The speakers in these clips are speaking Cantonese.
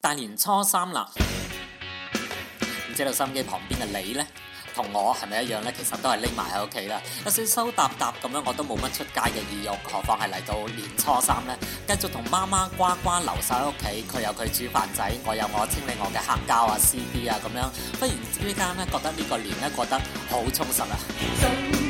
大年初三啦，唔、嗯、知道心機旁邊嘅你呢？同我係咪一樣呢？其實都係匿埋喺屋企啦，一早收搭搭咁樣，我都冇乜出街嘅意欲，何況係嚟到年初三呢，繼續跟住同媽媽瓜瓜留守喺屋企，佢有佢煮飯仔，我有我清理我嘅黑膠啊、CD 啊咁樣，忽然之間呢，覺得呢個年呢，過得好充實啊。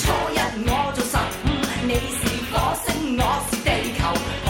初一我做十五，你是火星，我是地球。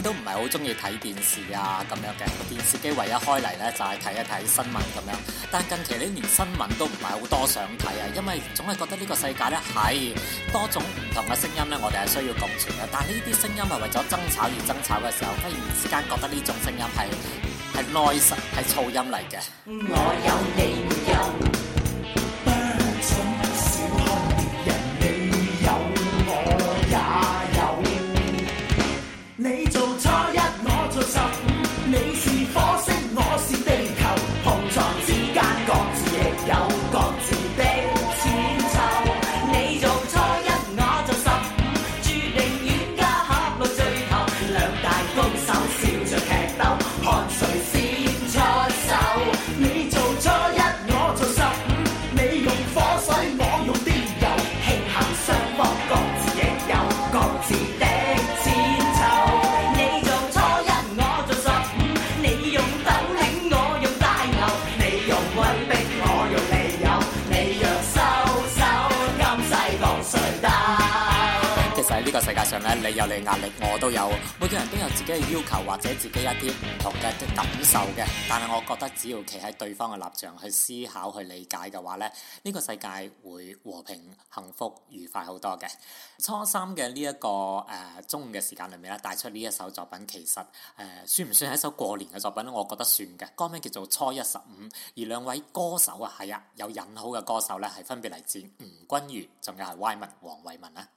都唔係好中意睇電視啊咁樣嘅電視機，唯一開嚟呢，就係、是、睇一睇新聞咁樣。但近期你連新聞都唔係好多想睇，啊，因為總係覺得呢個世界呢，係多種唔同嘅聲音呢。我哋係需要共存嘅。但呢啲聲音係為咗爭吵而爭吵嘅時候，忽然之間覺得呢種聲音係係 noise 係噪音嚟嘅。我有你。做初一。你有你壓力，我都有。每個人都有自己嘅要求，或者自己一啲唔同嘅感受嘅。但係，我覺得只要企喺對方嘅立場去思考、去理解嘅話咧，呢、這個世界會和平、幸福、愉快好多嘅。初三嘅、這個呃、呢一個誒中午嘅時間裏面咧，帶出呢一首作品，其實誒、呃、算唔算係一首過年嘅作品咧？我覺得算嘅。歌名叫做《初一十五》，而兩位歌手啊，係啊，有引號嘅歌手咧，係分別嚟自吳君如，仲有係 Y man，王文黃偉文啊。